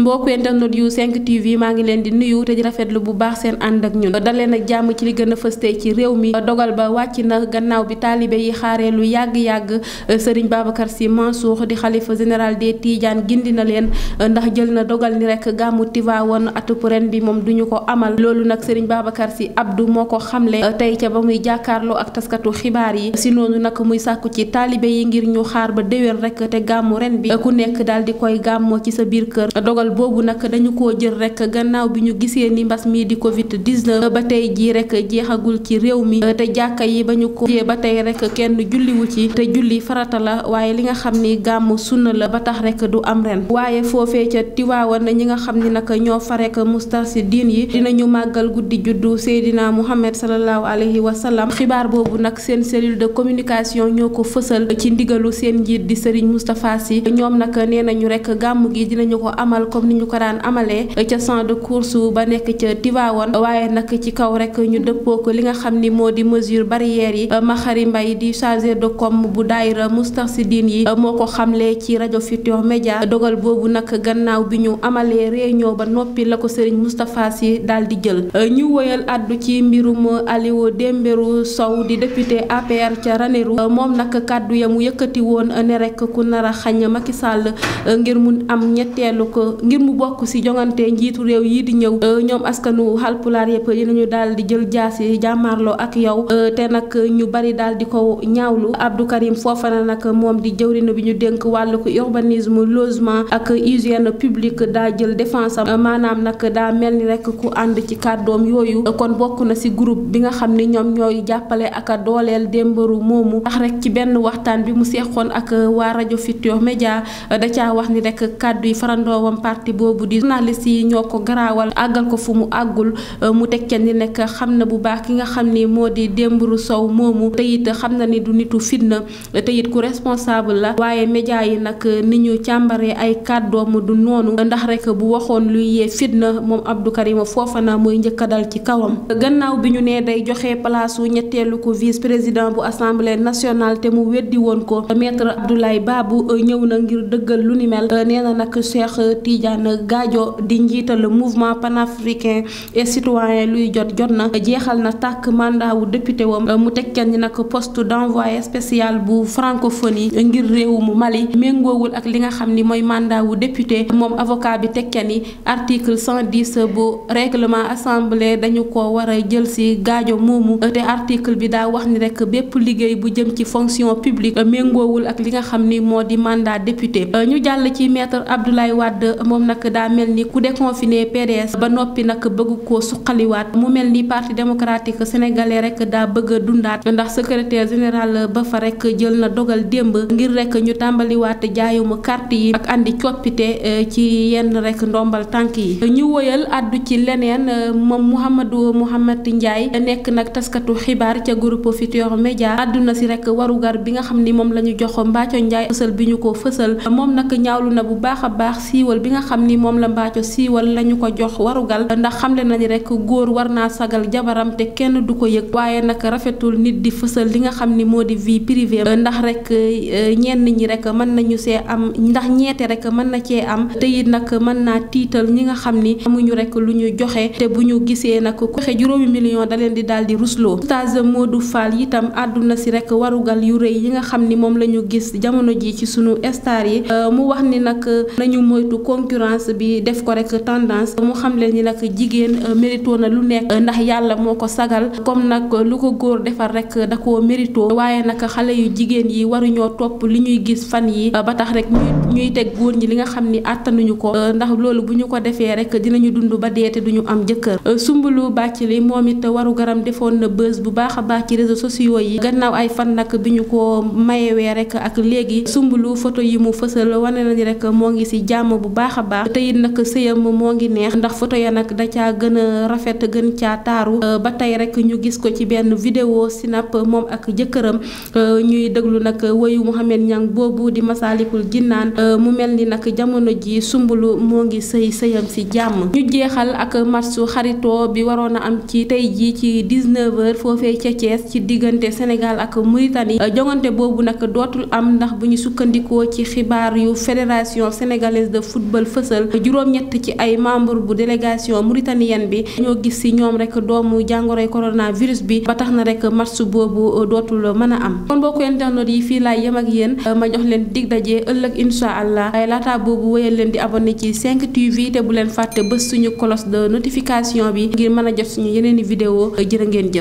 mbokk internet yu 5 TV maa ngi leen di nuyu te di rafetlu bu baax seen ànd ak ñun daleen nag jàmm ci li gën a ci réew mi dogal ba wàcc na gannaaw bi taalibe yi xaaree lu yàgg-yàgg sëriñ Babacar Sy Mansour di xalifa général des Tidianes gindi na leen ndax jël na dogal ni rek gàmmu Tivaouane atub ren bi moom duñu ko amal loolu nag Serigne Babacar Sy Abdou moo ko xamle tey ca ba muy jàkkaarloo ak taskatu xibaar yi si noonu nag muy sàkku ci taalibe yi ngir ñu xaar ba déwén rek te gàmmu ren bi ku nekk daal di koy gàmmoo ci sa biir kër dogal boobu nag dañu koo jël rek gannaaw bi ñu gisee ni mbas mii di Covid 19 ba tey jii rek jeexagul ci réew mi te jàkka yi ba ñu ko jiyee ba tey rek kenn julliwu ci te julli farata la waaye li nga xam ni gàmm sunna la ba tax rek du am ren waaye foofee ca Tiwaawan ñi nga xam ni nag ñoo fa rek mustarsidiin yi ñu màggal guddi juddu Seydina Muhammad sallallahu alayhi wa sallam xibaar boobu nag seen cellule de communication ñoo ko fësal ci ndigalu seen njiit di Serigne Moustapha Sy ñoom nag nee nañu rek gàmm gi dinañu ko amal. comme ni ñu ko daan amalee ca san de course ba nekk ca Tivaouane waaye nag ci kaw rek ñu dëppoo ko li nga xam ni moo di mesure barrière yi Maxari Mbay di chargé de com bu daayira Moustarchidine yi moo ko xamle ci rajo Futurs Médias dogal boobu nag gannaaw bi ñu amalee réunion ba noppi la ko Serigne Moustapha si daal di jël ñu woyal addu ci mbirum Aliou Dembourou Sow di député APR ca Ranérou moom nag kàddu ya mu yëkkati woon ne rek ku nara a xañ Macky ngir mu bokk si jongante njiitu réew yi di ñëw euh, ñoom askanu Halpulaar yëpp dinañu daal di jël jaas yi jàmmaarloo ak yow euh, te nag ñu bari daal di ko ñaawlu Abdou Karim Fofana nag moom di jëwriñ bi ñu dénk wàllu urbanisme losement ak hygiène publique daa jël défense maanaam nag daa mel ni rek ku ànd ci kàddoom yooyu kon bokk na si group bi nga xam ni ñoom ñooy jàppale ak a dooleel démbaru moomu tax rek ci benn waxtaan bi mu seexoon ak waa rajo Futurs Médias da caa wax parti boobu di journaliste yi ñoo ko garaawal àggal ko fu mu àggul euh, mu teg ca ni nekk xam na bu baax ki nga xam ni moo di Dembourou Sow moomu te it xam na ni du nitu fitna te it ku responsable la waaye média yi nag euh, ni ñu càmbaree ay kàddoom du noonu ndax rek bu waxoon luy yee fitna moom Abdou Karim Fofana mooy njëkk a dal ci kawam. gannaaw bi ñu nee day joxe place ñetteelu ko vice président bu assemblée nationale te mu weddi woon ko maître Abdoulaye Babou euh, ñëw Tidiane Gadio di njiital mouvement panafricain et citoyen luy jot jot na jeexal na tàkk mandat wu député wam mu teg kenn nag poste d'envoyé spécial bu francophonie ngir réew mu Mali méngoowul ak li nga xam ni mooy mandat wu député moom avocat bi teg kenn ni article 110 bu règlement assemblée dañu ko war a jël si Gadio moomu te article bi daa wax ni rek bépp liggéey bu jëm ci fonction publique méngoowul ak li nga xam ni moo di mandat député ñu jàll ci maître mom nak da melni ku déconfiné PDS ba nopi nak bëgg koo suqaliwaat mu melni ni parti démocratique sénégalais rek da bëgg a dundaat ndax secrétaire général ba fa rek jël na dogal demb ngir rek ñu tàmbaliwaat jaayuma carte yi ak andi ciopité eh, ci yenn rek ndombal tank yi ñu woyal addu ci lenen eh, mom Mouhamadou Mohamed Ndiaye nek nak taskatu xibaar ci groupe ci rek warugar bi nga xamni mom lañu joxo ñu jox Mbathio biñu ko fësal mom nak ñaawlu na bu baaxa baax siwol bi nga xam ni moom la Mbathio siiwal lañu ko jox warugal ndax xamle na ni rek góor war naa sagal jabaram te kenn du ko yëg waaye nag rafetul nit di fësal li nga xam ni moo di vie privée ndax rek euh, ñenn ñi rek mën nañu see am ndax ñeete rek mën na cee am te it nag mën naa tiital ñi nga xam ni amuñu rek lu ñu joxe te bu ñu gisee nag ku joxe juróomi million da leen di daal di rusloo Oustaz Modou Fall itam àdduna si rek warugal yu rëy yi nga xam ni moom lañu gis jamono ji ci suñu star yi euh, mu wax ni nag nañu moytu concurrence bi def ko rek tendance mu xam leen ni nag jigéen euh, mérito na lu nekk euh, ndax yàlla moo ko sagal comme nag euh, lu ko góor defar rek da koo mérito waaye nag xale yu jigéen yi waruñoo topp li ñuy gis fan yi ba tax rek ñuy teg góor ñi li nga xam ni àttanuñu ko ndax bu ñu ko defee rek dinañu dund ba dee te duñu am jëkkër Soumboulou Bathily moom it waru garam defoon na bës bu baax a baax ci réseaux sociaux yi gannaaw ay fan nag bi ñu ko mayewee rek ak léegi Soumboulou photo yi mu fësal wane na ni rek moo ngi si jàmm bu baax baax a baax te it nag moom moo ngi neex ndax photo ya nag da caa gën a gën caa taaru euh, ba tey rek ñu gis ko ci benn vidéo sinap moom ak jëkkëram euh, ñuy déglu nag woyu Mouhamed Niang boobu di Masaalikul Jinnaan euh, mu mel ni nag jamono ji sumbulu moo ngi sëy sëyam si jàmm ñu jeexal ak matsu xaritoo bi waroon a am ci tey jii ci 19h foofee ca Thiès ci diggante Sénégal ak Mauritanie jongante boobu nag dootul am ndax bu ñu sukkandikoo ci xibaar yu fédération sénégalaise de football fësal fësal juróom-ñett ci ay membre bu délégation mauritanienne bi ñoo gis si ñoom rek doomu jàngoroy coronavirus bi ba tax na rek match boobu dootul mën a am kon mbokku internet yi fii laay yem ak yéen ma jox leen dig daje ëllëg incha allah ay laata boobu wéyal leen di abonné ci 5 TV te bu leen fàtte bés suñu cloche de notification bi ngir mën a jot suñu yeneeni vidéo jërë ngeen jëf